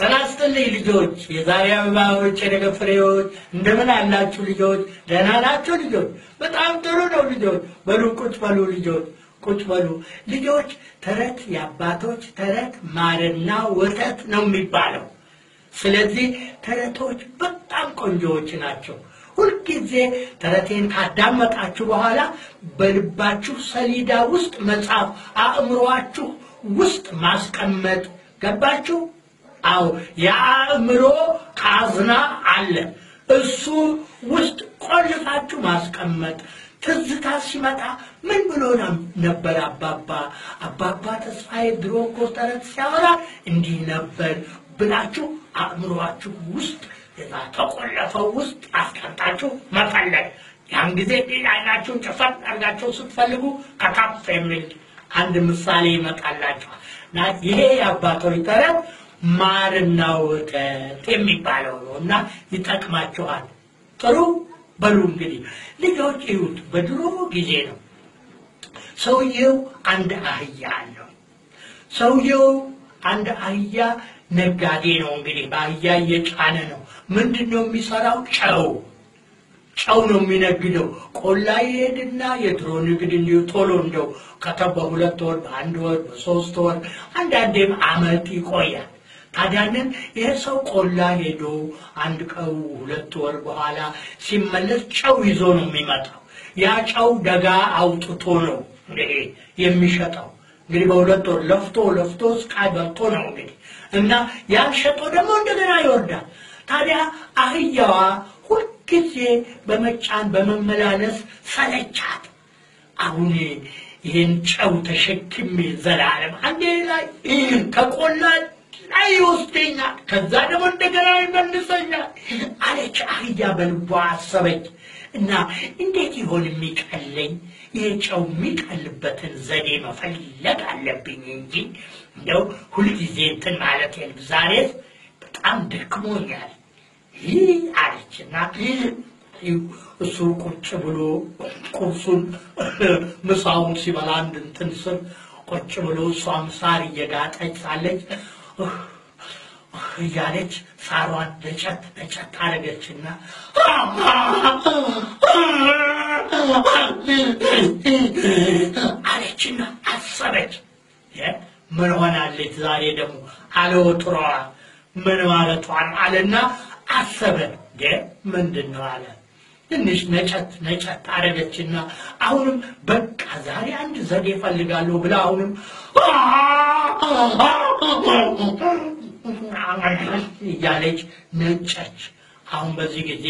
ጤና ይስጥልኝ ልጆች፣ የዛሬ አበባዎች፣ የነገ ፍሬዎች። እንደምን አላችሁ ልጆች? ደህና ናቸው ልጆች? በጣም ጥሩ ነው ልጆች። በሉ ቁጭ በሉ ልጆች፣ ቁጭ በሉ ልጆች። ተረት የአባቶች ተረት ማርና ወተት ነው የሚባለው። ስለዚህ ተረቶች በጣም ቆንጆዎች ናቸው። ሁልጊዜ ተረቴን ካዳመጣችሁ በኋላ በልባችሁ ሰሌዳ ውስጥ መጻፍ፣ አእምሯችሁ ውስጥ ማስቀመጥ ገባችሁ? አዎ የአእምሮ ካዝና አለ። እሱ ውስጥ ቆልፋችሁ ማስቀመጥ። ትዝታ ሲመጣ ምን ብሎ ነበር አባባ? አባባ ተስፋዬ ድሮ እኮ ተረት ሲያወራ እንዲህ ነበር ብላችሁ አእምሯችሁ ውስጥ እዛ ተቆለፈው ውስጥ አስቀምጣችሁ መፈለግ። ያን ጊዜ ግን አይናችሁን ጭፈት አድርጋችሁ ስትፈልጉ ከካፍ የሚል አንድ ምሳሌ ይመጣላችኋል። ይሄ የአባቶች ተረት ማርና ወተት የሚባለው ነው እና ይጠቅማቸዋል። ጥሩ በሉ እንግዲህ ልጆች ይዩት። በድሮ ጊዜ ነው። ሰውየው አንድ አህያ አለው። ሰውየው አንድ አህያ ነጋዴ ነው። እንግዲህ በአህያ እየጫነ ነው። ምንድን ነው የሚሰራው? ጨው ጨው ነው የሚነግደው። ቆላ ይሄድና የድሮ ንግድ እንዲሁ ቶሎ እንደው ከተባ ወር በአንድ ወር በሶስት ወር አንዳንዴም አመት ይቆያል። አዳንን። ይሄ ሰው ቆላ ሄዶ አንድ ቀው ሁለት ወር በኋላ ሲመለስ ጨው ይዞ ነው የሚመጣው። ያ ጨው ደጋ አውጥቶ ነው እንግዲህ የሚሸጠው። እንግዲህ በሁለት ወር ለፍቶ ለፍቶ ስቃይ በልቶ ነው እንግዲህ እና ያን ሸጦ ደግሞ እንደገና ይወርዳል። ታዲያ አህያዋ ሁልጊዜ በመጫን በመመላለስ ሰለቻት። አሁን ይህን ጨው ተሸክሜ ዘላለም አንዴ ላይ ከቆላል ላይ ይወስደኛል፣ ከዛ ደግሞ እንደገና ይመልሰኛል አለች። አህያ በልቧ አሰበች እና እንዴት ይሆን የሚቀለኝ? የጨው የሚቀልበትን ዘዴ መፈለግ አለብኝ እንጂ እንደው ሁልጊዜ እንትን ማለት የለም። ዛሬስ በጣም ደክሞኛል ይህ አለችና እሱ ቁጭ ብሎ ቁርሱን ምሳውን ሲበላ አንድ እንትን ስር ቁጭ ብሎ እሷ ምሳር እየጋጠች ሳለች እያለች ሳሯን ደጨት ደጨት አረገችና አለችና አሰበች። ምን ሆናለች ዛሬ ደግሞ አለወጥሯ ምን ማለቷን አለና አሰበ። ምንድን ነው አለ። ትንሽ ነጨት ነጨት አረገችና አሁንም በቃ ዛሬ አንድ ዘዴ እፈልጋለሁ ብላ አሁንም እያለች ነጨች። አሁን በዚህ ጊዜ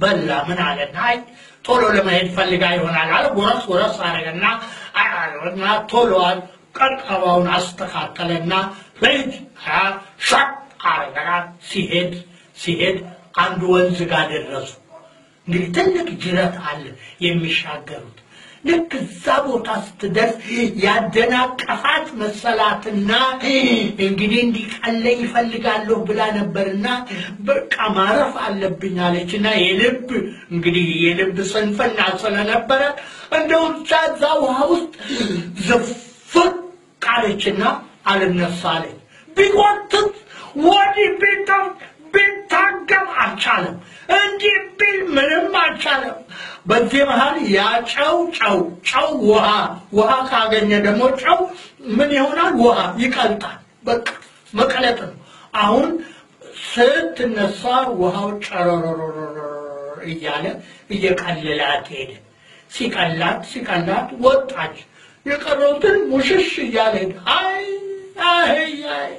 በላ ምን አለና አይ ቶሎ ለመሄድ ፈልጋ ይሆናል አለ። ጎረስ ጎረስ አረገና እና ቶሎዋን አስተካከለና ሻቅ አረገና ሲሄድ ሲሄድ አንድ ወንዝ ጋር ደረሱ። እንግዲህ ትልቅ ጅረት አለ የሚሻገሩት ልክ እዛ ቦታ ስትደርስ ያደናቀፋት መሰላትና እንግዲህ እንዲቀለኝ ይፈልጋለሁ ብላ ነበርና በቃ ማረፍ አለብኝ አለችና የልብ እንግዲህ የልብ ስንፍና ስለነበረ እንደው እዛ ውሃ ውስጥ ዝፍቅ አለችና አልነሳ አለች። ቢጎትት ወዲህ ቢጠም ቢታገም አልቻለም። እንዲህ ቢል ምንም አልቻለም። በዚህ መሀል ያ ጨው ጨው ጨው ውሃ ውሃ ካገኘ ደግሞ ጨው ምን ይሆናል? ውሃ ይቀልጣል። በቃ መቀለጥ ነው። አሁን ስትነሳ ውሃው ጨረሮ እያለ እየቀለላት ሄደ። ሲቀላት ሲቀላት ወጣች። የቀረውትን ሙሽሽ እያለ ሄደ። አይ አይ አይ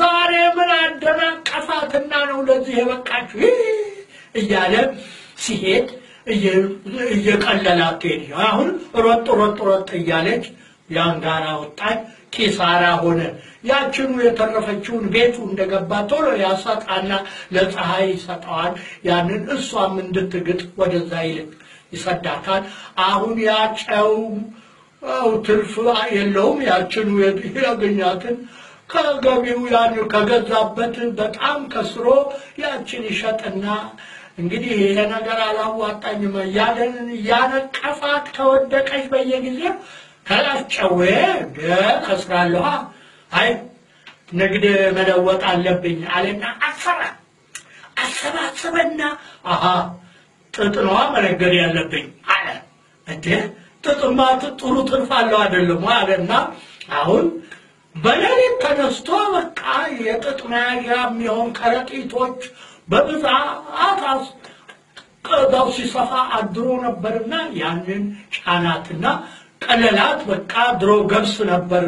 ዛሬ ምን አደናቀፋትና ነው ለዚህ የበቃችሁ እያለ ሲሄድ እየቀለላት ሄድ አሁን ሮጥ ሮጥ ሮጥ እያለች ጋራ ወጣች። ኪሳራ ሆነ። ያችኑ የተረፈችውን ቤቱ እንደገባ ቶሎ ያሰጣና ለፀሐይ ይሰጠዋል። ያንን እሷም እንድትግጥ ወደዛ ይልቅ ይሰዳታል። አሁን ያጨው ትርፍ የለውም። ያችኑ ያገኛትን ከገቢው ያን ከገዛበት በጣም ከስሮ ያችን ይሸጥና እንግዲህ ይሄ ነገር አላዋጣኝም እያለን እያነቀፋት ከወደቀች በየጊዜው ከላፍጨዌ ከስራለኋ አይ ንግድ መለወጥ አለብኝ አለና አሰራ አሰባ አሰባሰበና አሀ ጥጥኗ መነገድ ያለብኝ አለ። እንዴ ጥጥማ ጥሩ ትርፍ አለው አይደለም አለና አሁን በሌሊት ተነስቶ በቃ የጥጥ መያዣ የሚሆን ከረጢቶች በምጽአት ቅዳው ሲሰፋ አድሮ ነበርና ያንን ጫናትና ቀለላት በቃ ድሮ ገብስ ነበር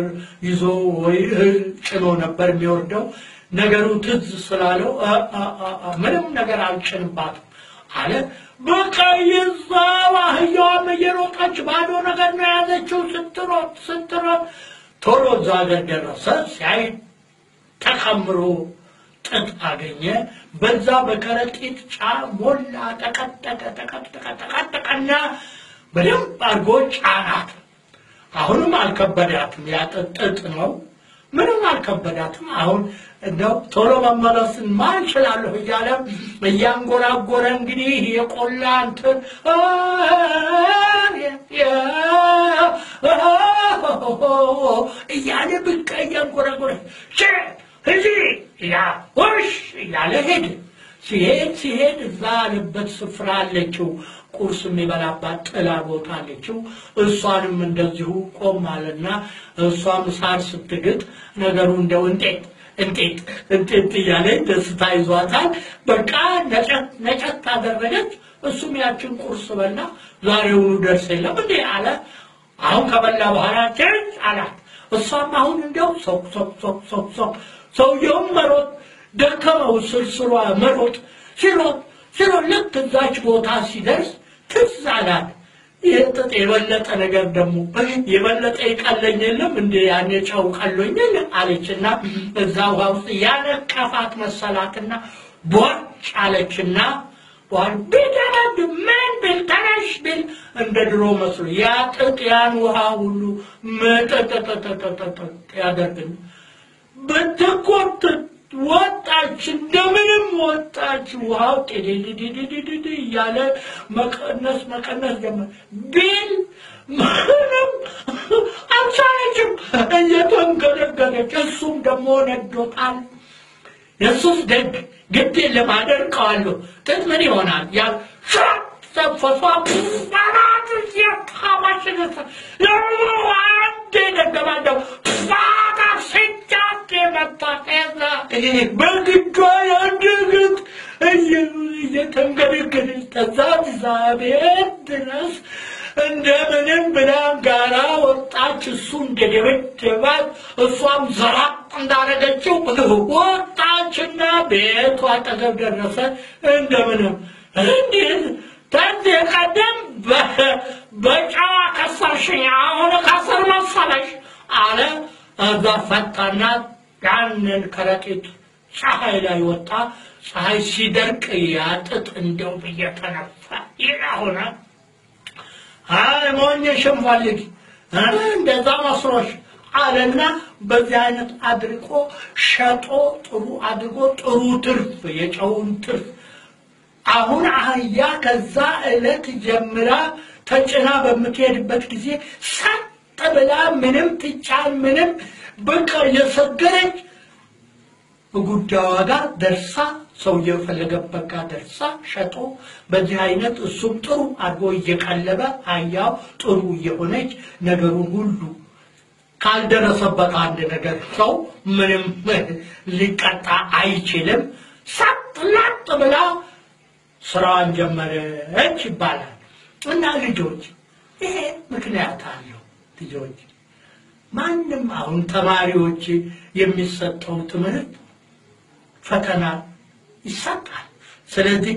ይዞ ወይ እህል ጭኖ ነበር የሚወርደው። ነገሩ ትዝ ስላለው ምንም ነገር አልጭንባትም አለ። በቃ ይዛው አህያዋም እየሮጠች ባዶ ነገር ነው የያዘችው። ስትሮጥ ስትሮጥ ቶሎ እዛ ሀገር ደረሰ። ሲያይ ተከምሮ ጥጥ አገኘ። በዛ በከረጢት ጫ ሞላ፣ ጠቀጠቀ ጠቀጠቀ ጠቀጠቀና በደንብ አድርጎ ጫናት። አሁንም አልከበዳትም። ያጠጥጥ ነው፣ ምንም አልከበዳትም። አሁን እንደው ቶሎ መመለስን ማንችላለሁ እያለ እያንጎራጎረ እንግዲህ የቆላ እንትን እያለ ብቀ እያንጎራጎረ ያ ሆሽ እያለ ሄደ። ሲሄድ ሲሄድ እዛ ያለበት ስፍራ አለችው ቁርስ የሚበላባት ጥላ ቦታ አለችው። እሷንም እንደዚሁ ቆም አለና እሷም ሳር ስትግጥ ነገሩ እንደው እንጤጥ እንጤጥ እንጤጥ እያለ ደስታ ይዟታል። በቃ ነጨት ነጨት ታደረገች። እሱም ያችን ቁርስ በላ። ዛሬውኑ ደርስ የለም እንዴ አለ። አሁን ከበላ በኋላ ጀንጅ አላት። እሷም አሁን እንደው ሶክ ሶክ ሶክ ሶክ ሶክ ሰውየውም መሮጥ ደከመው፣ ስርስሯ መሮጥ ሲሮጥ ሲሮጥ ልክ እዛች ቦታ ሲደርስ ትዝ አላት። ይህ ጥጥ የበለጠ ነገር ደግሞ የበለጠ ይቀለኝ የለም እንደ ያኔ ጨው ቀሎኝ የለም አለችና እዛ ውሃ ውስጥ ያነቀፋት መሰላትና ቦጭ አለችና በኋላ ቢደረግ ምን ብል ተነሽ ብል እንደ ድሮ መስሎ ያ ጥጥ ያን ውሃ ሁሉ ምጥጥጥጥጥጥ ያደርግን በተኮተ ወጣች፣ እንደምንም ወጣች። ውሃው ጤድድድድድድ እያለ መቀነስ መቀነስ ጀመር። ቢል ምንም አልቻለችም፣ እየተንገደገደች። እሱም ደግሞ ነዶታል። የሱስ ደግ ግድ የለም አደርቀዋለሁ። ጥጥ ምን ይሆናል? ያ ሰፈሷ ራት የታማሽነት ደግሞ አንዴ ደገማደው እኔ በግዷ ያደረገት እየተንገደገደች ከዛ እግዚአብሔር ድረስ እንደምንም ብላ ጋራ ወጣች። እሱ እንደደበደባት እሷም ዘራ እንዳረገችው ወጣችና ቤቱ አጠገብ ደረሰ። እንደምንም እንዴት ከዚህ ቀደም በጨዋ ከሰርሽኝ፣ አሁን ከስር መሰለሽ አለ። እዛ ፈታናት ያንን ከረጢት ፀሐይ ላይ ወጣ። ፀሐይ ሲደርቅ ያጥጥ እንደው እየተነፋ ይሆነ አይ ሞኝ ሽንፈልግ እንደዛ መስሎሽ አለና በዚህ አይነት አድርቆ ሸጦ ጥሩ አድርጎ ጥሩ ትርፍ የጨውን ትርፍ አሁን አህያ ከዛ ዕለት ጀምራ ተጭና በምትሄድበት ጊዜ ሰጥ ብላ ምንም ትጫን ምንም በቃ የሰገረች ጉዳዋ ጋር ደርሳ ሰው የፈለገበት ጋር ደርሳ ሸጦ በዚህ አይነት እሱም ጥሩ አድርጎ እየቀለበ አያው ጥሩ እየሆነች ነገሩን ሁሉ ካልደረሰበት አንድ ነገር ሰው ምንም ሊቀጣ አይችልም። ሳጥ ላጥ ብላ ስራዋን ጀመረች ይባላል። እና ልጆች ይሄ ምክንያት አለው ልጆች ማንም አሁን ተማሪዎች የሚሰጠው ትምህርት ፈተና ይሰጣል። ስለዚህ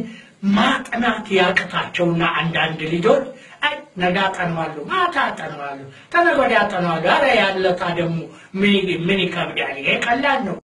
ማጥናት ያቅታቸውና አንዳንድ ልጆች አይ ነገ አጠናዋለሁ፣ ማታ አጠናዋለሁ፣ ተነገ ወዲያ አጠናዋለሁ፣ ኧረ ያለታ ደግሞ ምን ይከብዳል፣ ይሄ ቀላል ነው።